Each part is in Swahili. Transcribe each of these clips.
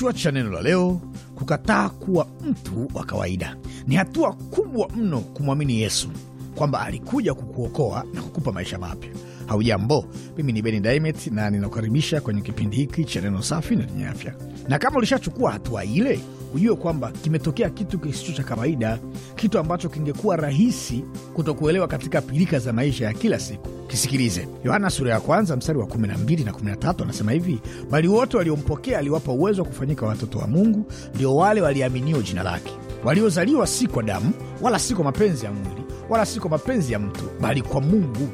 Kichwa cha neno la leo: kukataa kuwa mtu wa kawaida. Ni hatua kubwa mno kumwamini Yesu kwamba alikuja kukuokoa na kukupa maisha mapya. Haujambo, mimi ni Beni Daimet na ninakukaribisha kwenye kipindi hiki cha neno safi na lenye afya. Na kama ulishachukua hatua ile ujue kwamba kimetokea kitu kisicho cha kawaida, kitu ambacho kingekuwa rahisi kutokuelewa katika pilika za maisha ya kila siku. Kisikilize Yohana sura ya kwanza mstari wa 12 na 13, anasema hivi: bali wote waliompokea aliwapa uwezo wa kufanyika watoto wa Mungu, ndio wale waliaminio jina lake, waliozaliwa si kwa damu wala si kwa mapenzi ya mwili wala si kwa mapenzi ya mtu, bali kwa Mungu.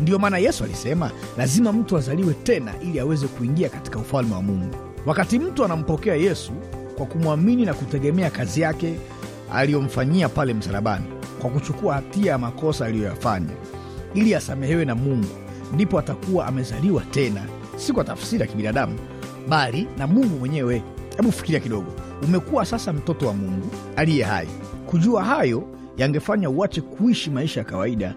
Ndiyo maana Yesu alisema lazima mtu azaliwe tena ili aweze kuingia katika ufalme wa Mungu. Wakati mtu anampokea Yesu kwa kumwamini na kutegemea kazi yake aliyomfanyia pale msalabani, kwa kuchukua hatia ya makosa aliyoyafanya ili asamehewe na Mungu, ndipo atakuwa amezaliwa tena, si kwa tafsiri ya kibinadamu, bali na Mungu mwenyewe. Hebu fikiria kidogo, umekuwa sasa mtoto wa Mungu aliye hai. Kujua hayo yangefanya uache kuishi maisha ya kawaida.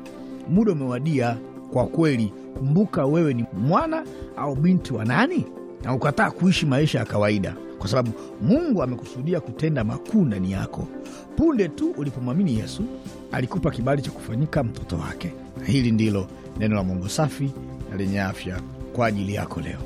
Muda umewadia kwa kweli. Kumbuka wewe ni mwana au binti wa nani, na ukataa kuishi maisha ya kawaida kwa sababu Mungu amekusudia kutenda makuu ndani yako. Punde tu ulipomwamini Yesu, alikupa kibali cha kufanyika mtoto wake. Na hili ndilo neno la Mungu safi na lenye afya kwa ajili yako leo.